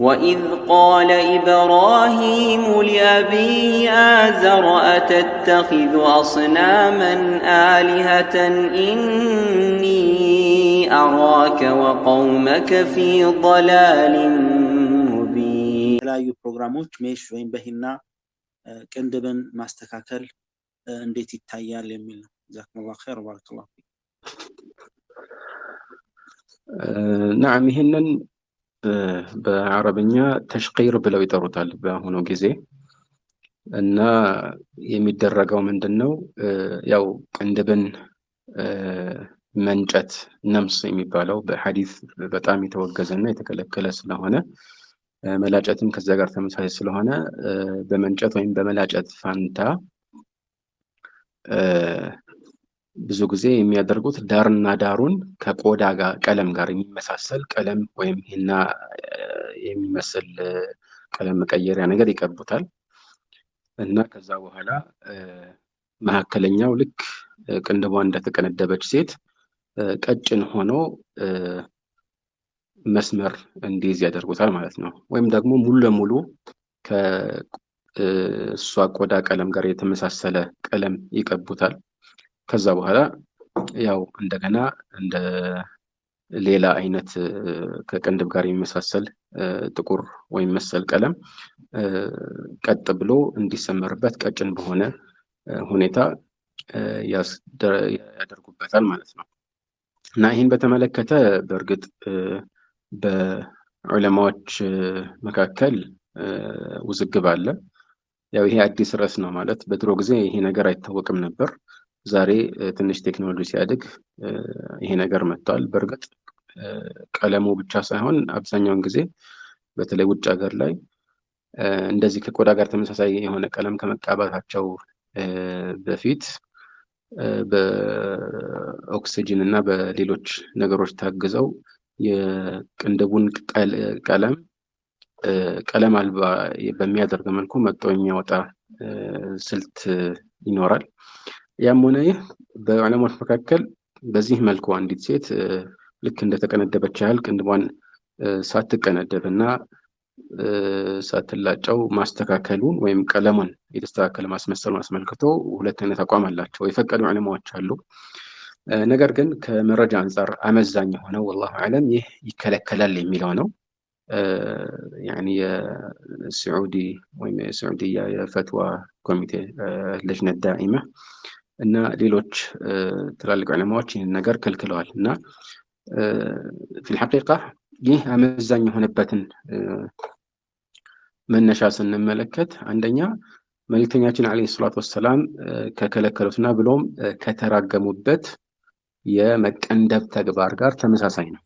وإذ قال إبراهيم لأبيه آزر أتتخذ أصناما آلهة إني أراك وقومك في ضلال مبين የተለያዩ ፕሮግራሞች ሜሽ ወይም በሂና ቅንድብን ማስተካከል እንዴት ይታያል የሚል ነው። ጀዛኩሙላሁ ኸይር ወባረከላሁ ፊክ። ናዓም ይህንን በአረብኛ ተሽቂር ብለው ይጠሩታል በአሁኑ ጊዜ እና የሚደረገው ምንድን ነው? ያው ቅንድብን መንጨት ነምስ የሚባለው በሐዲስ በጣም የተወገዘ እና የተከለከለ ስለሆነ መላጨትም ከዚያ ጋር ተመሳሳይ ስለሆነ በመንጨት ወይም በመላጨት ፋንታ ብዙ ጊዜ የሚያደርጉት ዳርና ዳሩን ከቆዳ ጋር ቀለም ጋር የሚመሳሰል ቀለም ወይም ሂና የሚመስል ቀለም መቀየሪያ ነገር ይቀቡታል እና ከዛ በኋላ መካከለኛው ልክ ቅንድቧ እንደተቀነደበች ሴት ቀጭን ሆኖ መስመር እንዲይዝ ያደርጉታል ማለት ነው። ወይም ደግሞ ሙሉ ለሙሉ ከእሷ ቆዳ ቀለም ጋር የተመሳሰለ ቀለም ይቀቡታል። ከዛ በኋላ ያው እንደገና እንደ ሌላ አይነት ከቅንድብ ጋር የሚመሳሰል ጥቁር ወይም መሰል ቀለም ቀጥ ብሎ እንዲሰመርበት ቀጭን በሆነ ሁኔታ ያደርጉበታል ማለት ነው። እና ይህን በተመለከተ በእርግጥ በዑለማዎች መካከል ውዝግብ አለ። ያው ይሄ አዲስ ርዕስ ነው ማለት በድሮ ጊዜ ይሄ ነገር አይታወቅም ነበር። ዛሬ ትንሽ ቴክኖሎጂ ሲያድግ ይሄ ነገር መጥቷል። በእርግጥ ቀለሙ ብቻ ሳይሆን አብዛኛውን ጊዜ በተለይ ውጭ ሀገር ላይ እንደዚህ ከቆዳ ጋር ተመሳሳይ የሆነ ቀለም ከመቃባታቸው በፊት በኦክሲጅን እና በሌሎች ነገሮች ታግዘው የቅንድቡን ቀለም ቀለም አልባ በሚያደርግ መልኩ መጦ የሚያወጣ ስልት ይኖራል። ያም ሆነ ይህ በዑለማዎች መካከል በዚህ መልኩ አንዲት ሴት ልክ እንደተቀነደበች ያህል ቅንድቧን ሳትቀነደብ እና ሳትላጨው ማስተካከሉን ወይም ቀለሙን የተስተካከለ ማስመሰሉን አስመልክቶ ሁለት አይነት አቋም አላቸው። የፈቀዱ ዑለማዎች አሉ። ነገር ግን ከመረጃ አንጻር አመዛኝ የሆነው ወላሁ አለም ይህ ይከለከላል የሚለው ነው። ያኒ የስዑዲ ወይም የስዑዲያ የፈትዋ ኮሚቴ ልጅነት ዳኢማ እና ሌሎች ትላልቅ ዕለማዎች ይህን ነገር ከልክለዋል እና ፊልሐቂቃ ይህ አመዛኝ የሆነበትን መነሻ ስንመለከት አንደኛ መልክተኛችን ዓለይሂ ሰላቱ ወሰላም ከከለከሉትና ብሎም ከተራገሙበት የመቀንደብ ተግባር ጋር ተመሳሳይ ነው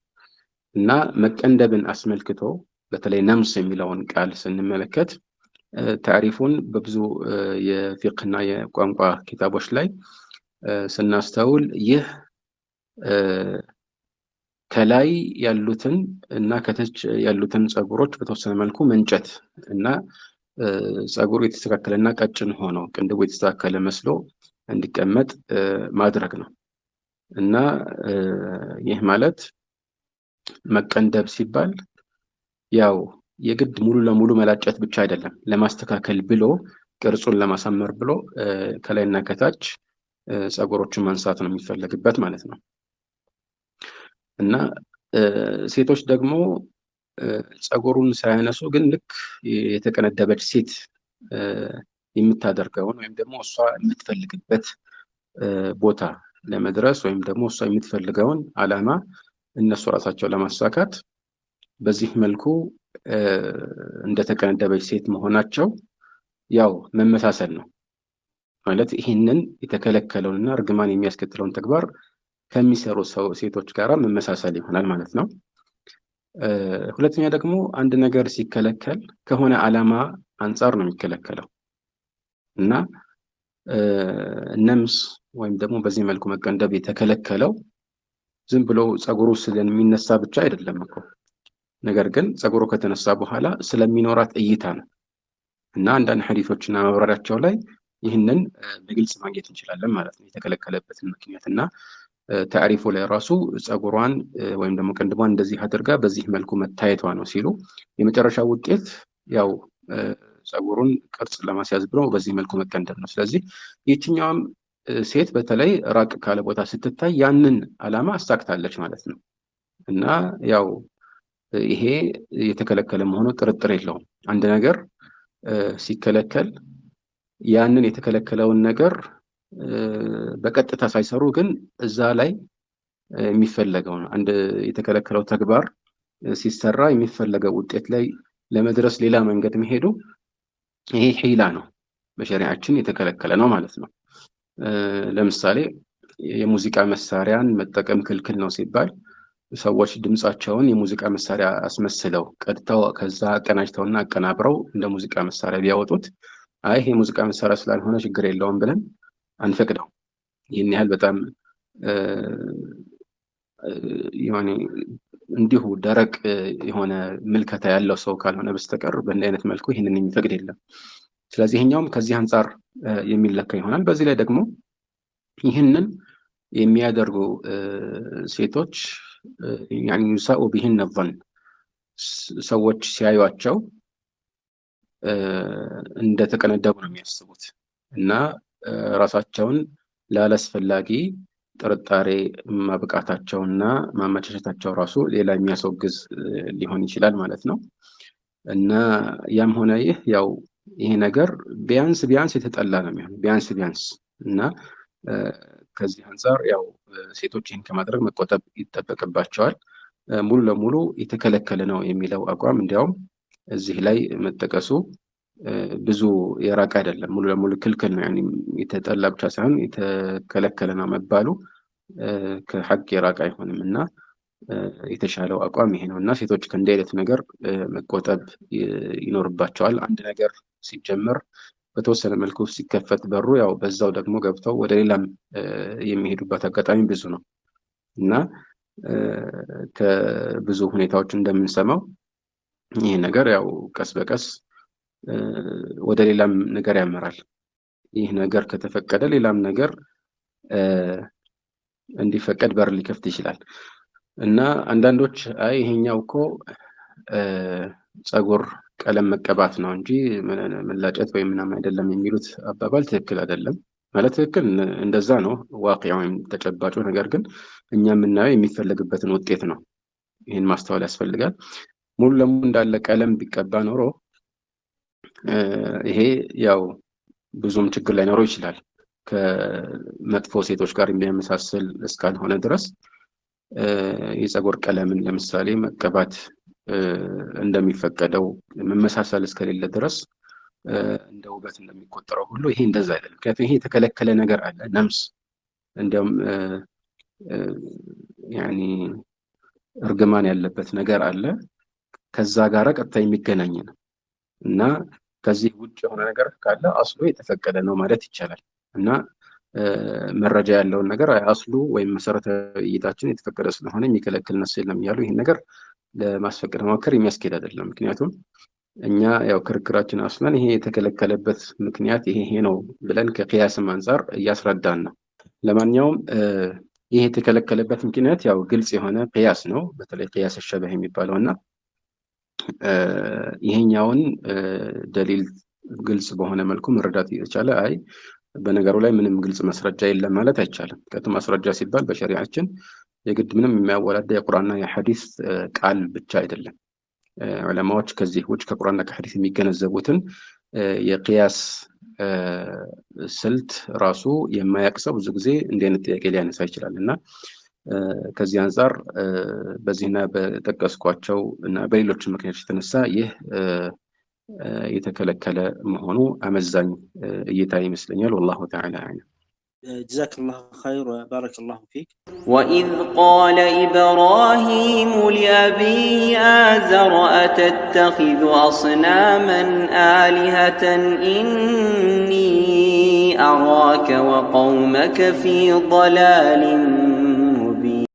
እና መቀንደብን አስመልክቶ በተለይ ነምስ የሚለውን ቃል ስንመለከት ታሪፉን በብዙ የፊቅህና የቋንቋ ኪታቦች ላይ ስናስተውል ይህ ከላይ ያሉትን እና ከታች ያሉትን ጸጉሮች በተወሰነ መልኩ መንጨት እና ጸጉሩ የተስተካከለና ቀጭን ሆኖ ቅንድቡ የተስተካከለ መስሎ እንዲቀመጥ ማድረግ ነው እና ይህ ማለት መቀንደብ ሲባል ያው የግድ ሙሉ ለሙሉ መላጨት ብቻ አይደለም። ለማስተካከል ብሎ ቅርጹን ለማሳመር ብሎ ከላይና ከታች ፀጉሮችን ማንሳት ነው የሚፈለግበት ማለት ነው። እና ሴቶች ደግሞ ፀጉሩን ሳያነሱ ግን ልክ የተቀነደበች ሴት የምታደርገውን ወይም ደግሞ እሷ የምትፈልግበት ቦታ ለመድረስ ወይም ደግሞ እሷ የምትፈልገውን ዓላማ እነሱ ራሳቸው ለማሳካት በዚህ መልኩ እንደተቀነደበች ሴት መሆናቸው ያው መመሳሰል ነው ማለት ይህንን የተከለከለውንና እርግማን የሚያስከትለውን ተግባር ከሚሰሩ ሰው ሴቶች ጋር መመሳሰል ይሆናል ማለት ነው። ሁለተኛ ደግሞ አንድ ነገር ሲከለከል ከሆነ ዓላማ አንጻር ነው የሚከለከለው እና ነምስ ወይም ደግሞ በዚህ መልኩ መቀንደብ የተከለከለው ዝም ብሎ ፀጉሩ ስለሚነሳ ብቻ አይደለም እኮ ነገር ግን ፀጉሩ ከተነሳ በኋላ ስለሚኖራት እይታ ነው እና አንዳንድ ሐዲቶችና መብራሪያቸው ላይ ይህንን በግልጽ ማግኘት እንችላለን ማለት ነው። የተከለከለበትን ምክንያት እና ታሪፉ ላይ ራሱ ፀጉሯን ወይም ደግሞ ቅንድቧን እንደዚህ አድርጋ በዚህ መልኩ መታየቷ ነው ሲሉ የመጨረሻ ውጤት ያው ፀጉሩን ቅርጽ ለማስያዝ ብሎ በዚህ መልኩ መቀንደብ ነው። ስለዚህ የትኛውም ሴት በተለይ ራቅ ካለ ቦታ ስትታይ ያንን ዓላማ አሳክታለች ማለት ነው እና ያው ይሄ የተከለከለ መሆኑ ጥርጥር የለውም። አንድ ነገር ሲከለከል ያንን የተከለከለውን ነገር በቀጥታ ሳይሰሩ ግን እዛ ላይ የሚፈለገው ነው። አንድ የተከለከለው ተግባር ሲሰራ የሚፈለገው ውጤት ላይ ለመድረስ ሌላ መንገድ መሄዱ ይሄ ሂላ ነው፣ በሸሪያችን የተከለከለ ነው ማለት ነው። ለምሳሌ የሙዚቃ መሳሪያን መጠቀም ክልክል ነው ሲባል ሰዎች ድምፃቸውን የሙዚቃ መሳሪያ አስመስለው ቀድተው ከዛ አቀናጅተውና አቀናብረው እንደ ሙዚቃ መሳሪያ ቢያወጡት አይህ የሙዚቃ መሳሪያ ስላልሆነ ችግር የለውም ብለን አንፈቅደው። ይህን ያህል በጣም የሆነ እንዲሁ ደረቅ የሆነ ምልከታ ያለው ሰው ካልሆነ በስተቀር በእንዲህ አይነት መልኩ ይህንን የሚፈቅድ የለም። ስለዚህ ይሄኛውም ከዚህ አንጻር የሚለካ ይሆናል። በዚህ ላይ ደግሞ ይህንን የሚያደርጉ ሴቶች ዩሳኡ ቢሂን ነን ሰዎች ሲያዩቸው እንደተቀነደቡ ነው የሚያስቡት እና ራሳቸውን ላላስፈላጊ ጥርጣሬ ማብቃታቸው እና ማመቻቸታቸው ራሱ ሌላ የሚያስወግዝ ሊሆን ይችላል ማለት ነው። እና ያም ሆነ ይህ ያው ይሄ ነገር ቢያንስ ቢያንስ የተጠላ ነው የሚሆነው ቢያንስ ቢያንስ እና ከዚህ አንጻር ያው ሴቶች ይህን ከማድረግ መቆጠብ ይጠበቅባቸዋል። ሙሉ ለሙሉ የተከለከለ ነው የሚለው አቋም እንዲያውም እዚህ ላይ መጠቀሱ ብዙ የራቀ አይደለም። ሙሉ ለሙሉ ክልክል ነው የተጠላ ብቻ ሳይሆን የተከለከለ ነው መባሉ ከሀቅ የራቀ አይሆንም እና የተሻለው አቋም ይሄ ነው እና ሴቶች ከእንዲህ አይነት ነገር መቆጠብ ይኖርባቸዋል። አንድ ነገር ሲጀመር በተወሰነ መልኩ ሲከፈት በሩ ያው በዛው ደግሞ ገብተው ወደ ሌላም የሚሄዱበት አጋጣሚ ብዙ ነው እና ከብዙ ሁኔታዎች እንደምንሰማው ይህ ነገር ያው ቀስ በቀስ ወደ ሌላም ነገር ያመራል። ይህ ነገር ከተፈቀደ ሌላም ነገር እንዲፈቀድ በር ሊከፍት ይችላል እና አንዳንዶች አይ ይሄኛው እኮ ጸጉር ቀለም መቀባት ነው እንጂ መላጨት ወይም ምናምን አይደለም የሚሉት አባባል ትክክል አይደለም። ማለት ትክክል እንደዛ ነው ዋቅ ወይም ተጨባጩ። ነገር ግን እኛ የምናየው የሚፈለግበትን ውጤት ነው። ይህን ማስተዋል ያስፈልጋል። ሙሉ ለሙሉ እንዳለ ቀለም ቢቀባ ኖሮ ይሄ ያው ብዙም ችግር ኖሮ ይችላል። ከመጥፎ ሴቶች ጋር የሚያመሳስል እስካልሆነ ድረስ የፀጉር ቀለምን ለምሳሌ መቀባት እንደሚፈቀደው መመሳሰል እስከሌለ ድረስ እንደ ውበት እንደሚቆጠረው ሁሉ ይሄ እንደዛ አይደለም። ምክንያቱም ይሄ የተከለከለ ነገር አለ። ነምስ እንዲያውም ያኒ እርግማን ያለበት ነገር አለ። ከዛ ጋር ቀጥታ የሚገናኝ ነው እና ከዚህ ውጭ የሆነ ነገር ካለ አስሉ የተፈቀደ ነው ማለት ይቻላል እና መረጃ ያለውን ነገር አስሉ ወይም መሰረተ እይታችን የተፈቀደ ስለሆነ የሚከለክል ነስ የለም እያሉ ይህን ነገር ለማስፈቀድ መሞከር የሚያስኬድ አይደለም። ምክንያቱም እኛ ያው ክርክራችን አስለን ይሄ የተከለከለበት ምክንያት ይሄ ነው ብለን ከቅያስም አንጻር እያስረዳን ነው። ለማንኛውም ይሄ የተከለከለበት ምክንያት ያው ግልጽ የሆነ ቅያስ ነው። በተለይ ቅያስ ሸበህ የሚባለው እና ይሄኛውን ደሊል ግልጽ በሆነ መልኩ መረዳት እየተቻለ አይ በነገሩ ላይ ምንም ግልጽ ማስረጃ የለም ማለት አይቻልም። ምክንያቱም ማስረጃ ሲባል በሸሪያችን የግድ ምንም የሚያወላዳ የቁርአንና የሐዲስ ቃል ብቻ አይደለም። ዑለማዎች ከዚህ ውጭ ከቁርአንና ከሐዲስ የሚገነዘቡትን የቅያስ ስልት ራሱ የማያውቅ ሰው ብዙ ጊዜ እንዲህ አይነት ጥያቄ ሊያነሳ ይችላል እና ከዚህ አንጻር በዚህና በጠቀስኳቸው እና በሌሎች ምክንያቶች የተነሳ ይህ የተከለከለ መሆኑ አመዛኝ እይታ ይመስለኛል። ወላሁ ተዓላ አዕለም። جزاك الله خير وبارك الله فيك وإذ قال إبراهيم لأبيه آزر أتتخذ أصناما آلهة إني أراك وقومك في ضلال